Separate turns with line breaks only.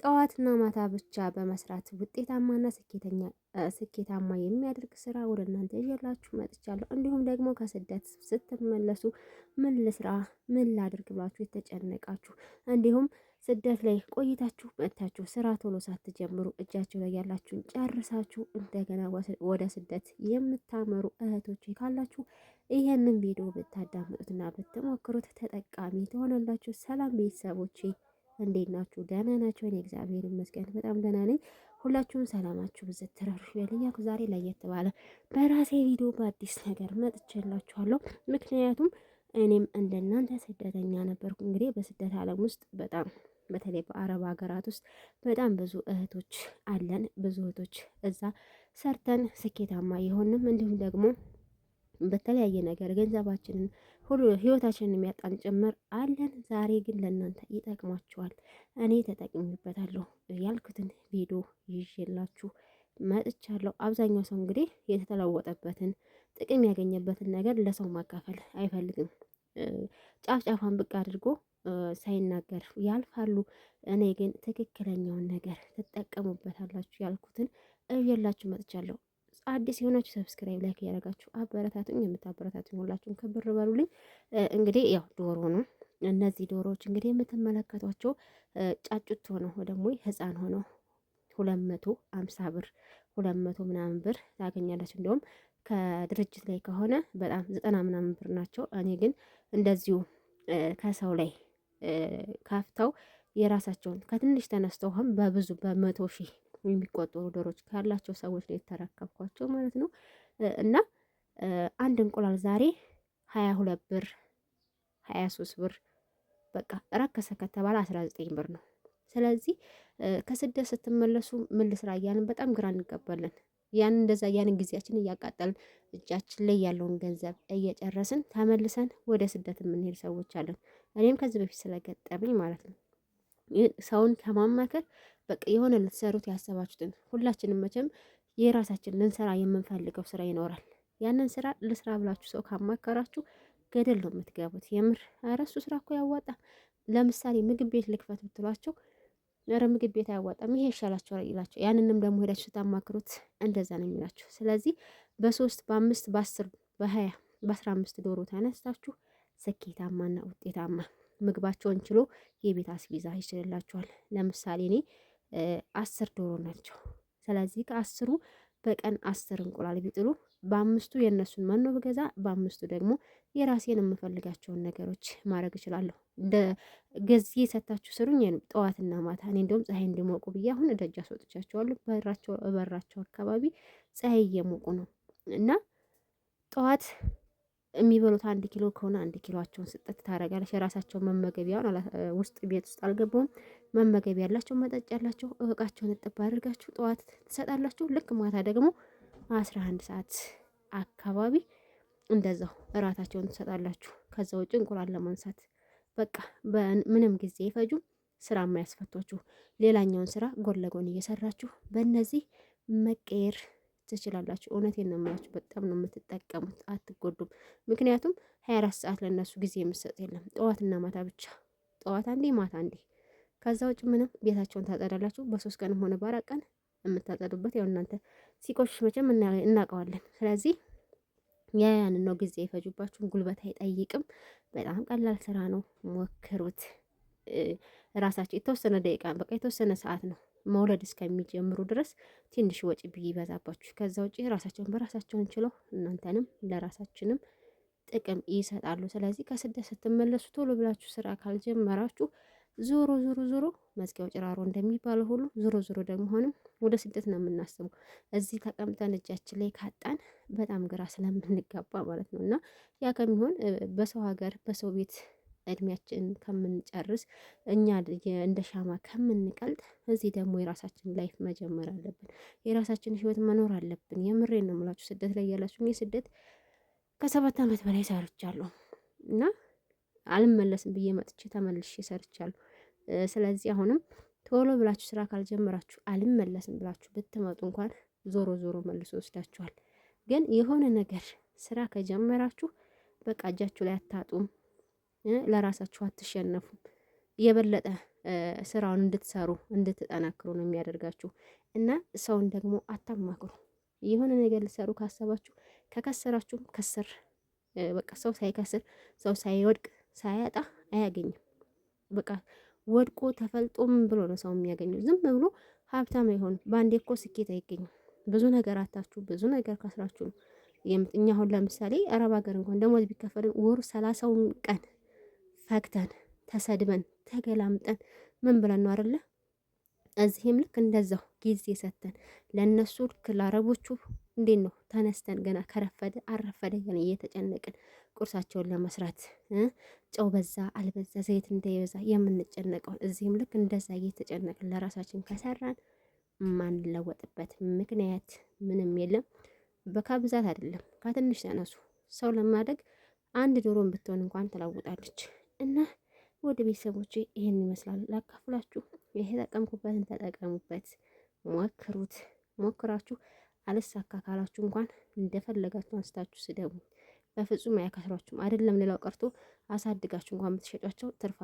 ጠዋትና ማታ ብቻ በመስራት ውጤታማና ስኬታማ የሚያደርግ ስራ ወደ እናንተ ይዤላችሁ መጥቻለሁ። እንዲሁም ደግሞ ከስደት ስትመለሱ ምን ልስራ፣ ምን ላድርግ ብላችሁ የተጨነቃችሁ እንዲሁም ስደት ላይ ቆይታችሁ መጥታችሁ ስራ ቶሎ ሳትጀምሩ እጃችሁ ላይ ያላችሁን ጨርሳችሁ እንደገና ወደ ስደት የምታመሩ እህቶች ካላችሁ ይህንን ቪዲዮ ብታዳምጡትና ብትሞክሩት ተጠቃሚ ትሆናላችሁ። ሰላም ቤተሰቦቼ። እንዴት ናችሁ? ደህና ናቸው? እኔ እግዚአብሔር ይመስገን በጣም ደህና ነኝ። ሁላችሁም ሰላማችሁ ብዝት ተራሩ ይበልኛ። ዛሬ ለየት ባለ በራሴ ቪዲዮ በአዲስ ነገር መጥቼላችኋለሁ። ምክንያቱም እኔም እንደናንተ ስደተኛ ነበርኩ። እንግዲህ በስደት ዓለም ውስጥ በጣም በተለይ በአረብ ሀገራት ውስጥ በጣም ብዙ እህቶች አለን። ብዙ እህቶች እዛ ሰርተን ስኬታማ የሆንም እንዲሁም ደግሞ በተለያየ ነገር ገንዘባችንን ሁሉ ህይወታችንን የሚያጣን ጭምር አለን። ዛሬ ግን ለእናንተ ይጠቅማችኋል፣ እኔ ተጠቅሚበታለሁ ያልኩትን ቪዲዮ ይዤላችሁ መጥቻለሁ። አብዛኛው ሰው እንግዲህ የተለወጠበትን ጥቅም ያገኘበትን ነገር ለሰው ማካፈል አይፈልግም። ጫፍ ጫፏን ብቅ አድርጎ ሳይናገር ያልፋሉ። እኔ ግን ትክክለኛውን ነገር ትጠቀሙበታላችሁ ያልኩትን እብየላችሁ መጥቻለሁ። አዲስ የሆናችሁ ሰብስክራይብ፣ ላይክ እያደረጋችሁ አበረታቱኝ። የምታበረታቱኝ ሁላችሁም ክብር በሉልኝ። እንግዲህ ያው ዶሮ ነው። እነዚህ ዶሮዎች እንግዲህ የምትመለከቷቸው ጫጩት ሆነው ደግሞ ህፃን ሆነው ሁለት መቶ አምሳ ብር ሁለት መቶ ምናምን ብር ታገኛላችሁ። እንዲሁም ከድርጅት ላይ ከሆነ በጣም ዘጠና ምናምን ብር ናቸው። እኔ ግን እንደዚሁ ከሰው ላይ ካፍተው የራሳቸውን ከትንሽ ተነስተው በብዙ በመቶ ሺህ የሚቆጠሩ ዶሮች ካላቸው ሰዎች ነው የተረከብኳቸው ማለት ነው። እና አንድ እንቁላል ዛሬ ሀያ ሁለት ብር ሀያ ሶስት ብር በቃ ረከሰ ከተባለ አስራ ዘጠኝ ብር ነው። ስለዚህ ከስደት ስትመለሱ ምን ልስራ እያልን በጣም ግራ እንገባለን። ያን እንደዛ ያንን ጊዜያችን እያቃጠልን እጃችን ላይ ያለውን ገንዘብ እየጨረስን ተመልሰን ወደ ስደት የምንሄድ ሰዎች አለን። እኔም ከዚህ በፊት ስለገጠመኝ ማለት ነው ሰውን ከማማከር በቃ የሆነ ልትሰሩት ያሰባችሁትን ሁላችንም መቼም የራሳችን ልንሰራ የምንፈልገው ስራ ይኖራል። ያንን ስራ ልስራ ብላችሁ ሰው ካማከራችሁ ገደል ነው የምትገቡት። የምር ኧረ ስራ እኮ ያዋጣ። ለምሳሌ ምግብ ቤት ልክፈት ብትሏቸው ኧረ ምግብ ቤት አያዋጣም፣ ይሄ ይሻላቸዋል ይላቸው። ያንንም ደግሞ ሄዳችሁ ስታማክሩት እንደዛ ነው የሚላቸው ስለዚህ በሶስት በአምስት በአስር በሀያ በአስራ አምስት ዶሮ ተነስታችሁ ስኬታማና ውጤታማ ምግባቸውን ችሎ የቤት አስቤዛ ይችልላችኋል። ለምሳሌ እኔ አስር ዶሮ ናቸው። ስለዚህ ከአስሩ በቀን አስር እንቁላል ቢጥሉ በአምስቱ የእነሱን መኖ ብገዛ በአምስቱ ደግሞ የራሴን የምፈልጋቸውን ነገሮች ማድረግ እችላለሁ። ገዝዬ ሰታችሁ ስሩኝ ጠዋትና ማታ። እኔ እንደውም ፀሐይ እንዲሞቁ ብዬ አሁን ደጃ አስወጥቻቸዋለሁ። በራቸው በራቸው አካባቢ ፀሐይ እየሞቁ ነው እና ጠዋት የሚበሉት አንድ ኪሎ ከሆነ አንድ ኪሎቸውን ስጠት ታደርጋለች። የራሳቸውን መመገቢያውን ውስጥ ቤት ውስጥ አልገባውም መመገብ ያላችሁ፣ መጠጭ ያላችሁ እቃችሁን እጥብ አድርጋችሁ ጠዋት ትሰጣላችሁ። ልክ ማታ ደግሞ አስራ አንድ ሰዓት አካባቢ እንደዛው እራታቸውን ትሰጣላችሁ። ከዛ ውጭ እንቁላል ለማንሳት በቃ በምንም ጊዜ ይፈጁም ስራ የማያስፈቷችሁ ሌላኛውን ስራ ጎን ለጎን እየሰራችሁ በእነዚህ መቀየር ትችላላችሁ። እውነቴን ነው የምላችሁ፣ በጣም ነው የምትጠቀሙት፣ አትጎዱም። ምክንያቱም ሀያ አራት ሰዓት ለእነሱ ጊዜ የምሰጥ የለም፣ ጠዋትና ማታ ብቻ፣ ጠዋት አንዴ፣ ማታ አንዴ ከዛ ውጭ ምንም ቤታቸውን ታጸዳላችሁ። በሶስት ቀንም ሆነ በአራት ቀን የምታጸዱበት ያው እናንተ ሲቆሽሽ መቼም እናውቀዋለን። ስለዚህ ያ ነው ጊዜ የፈጁባችሁን ጉልበት አይጠይቅም። በጣም ቀላል ስራ ነው፣ ሞክሩት። ራሳቸው የተወሰነ ደቂቃ በቃ የተወሰነ ሰዓት ነው መውለድ እስከሚጀምሩ ድረስ ትንሽ ወጪ ቢበዛባችሁ፣ ከዛ ውጭ ራሳቸውን በራሳቸውን ችለው እናንተንም ለራሳችንም ጥቅም ይሰጣሉ። ስለዚህ ከስደት ስትመለሱ ቶሎ ብላችሁ ስራ ካልጀመራችሁ ዞሮ ዞሮ ዞሮ መዝጊያው ጭራሮ እንደሚባለው ሁሉ ዞሮ ዞሮ ደግሞ ሆንም ወደ ስደት ነው የምናስበው። እዚህ ተቀምጠን እጃችን ላይ ካጣን በጣም ግራ ስለምንጋባ ማለት ነው። እና ያ ከሚሆን በሰው ሀገር በሰው ቤት እድሜያችን ከምንጨርስ እኛ እንደ ሻማ ከምንቀልጥ እዚህ ደግሞ የራሳችን ላይፍ መጀመር አለብን። የራሳችን ህይወት መኖር አለብን። የምሬን ነው የምላችሁ። ስደት ላይ ያላችሁ ስደት ከሰባት ዓመት በላይ ሰርቻለሁ እና አልመለስም ብዬ መጥቼ ተመልሼ ሰርቻለሁ። ስለዚህ አሁንም ቶሎ ብላችሁ ስራ ካልጀመራችሁ አልመለስም ብላችሁ ብትመጡ እንኳን ዞሮ ዞሮ መልሶ ወስዳችኋል ግን የሆነ ነገር ስራ ከጀመራችሁ በቃ እጃችሁ ላይ አታጡም፣ ለራሳችሁ አትሸነፉም። የበለጠ ስራውን እንድትሰሩ እንድትጠናክሩ ነው የሚያደርጋችሁ እና ሰውን ደግሞ አታማክሩ። የሆነ ነገር ልሰሩ ካሰባችሁ ከከሰራችሁም ከስር በቃ ሰው ሳይከስር ሰው ሳይወድቅ ሳያጣ አያገኝም። በቃ ወድቆ ተፈልጦ ምን ብሎ ነው ሰው የሚያገኘው? ዝም ብሎ ሀብታም አይሆንም። በአንዴ እኮ ስኬት አይገኝም። ብዙ ነገር አታችሁ፣ ብዙ ነገር ካስራችሁ ነው። እኛ አሁን ለምሳሌ አረብ ሀገር እንኳን ደሞዝ ቢከፈልን ወሩ ሰላሳውን ቀን ፈግተን ተሰድበን ተገላምጠን ምን ብለን ነው አይደለ? እዚህም ልክ እንደዛው ጊዜ ሰተን ለእነሱ ልክ ለአረቦቹ እንዴት ነው ተነስተን ገና ከረፈደ አረፈደ ገና እየተጨነቅን ቁርሳቸውን ለመስራት ጨው በዛ አልበዛ ዘይት እንደበዛ የምንጨነቀውን እዚህም ልክ እንደዛ እየተጨነቅን ለራሳችን ከሰራን ማንለወጥበት ምክንያት ምንም የለም። ከብዛት አይደለም፣ ከትንሽ ተነሱ። ሰው ለማደግ አንድ ዶሮን ብትሆን እንኳን ትለውጣለች። እና ወደ ቤተሰቦች ይህን ይመስላል ላካፍላችሁ። የተጠቀምኩበትን ተጠቀሙበት፣ ሞክሩት ሞክራችሁ አልሳካ ካላችሁ እንኳን እንደፈለጋችሁ አንስታችሁ ስደቡ። በፍጹም አያከስሯችሁም። አይደለም ሌላው ቀርቶ አሳድጋችሁ እንኳን የምትሸጧቸው ትርፋ